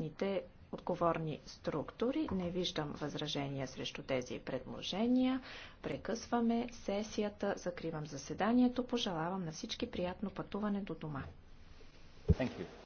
съответните отговорни структури. Не виждам възражения срещу тези предложения. Прекъсваме сесията, закривам заседанието. Пожелавам на всички приятно пътуване до дома. Thank you.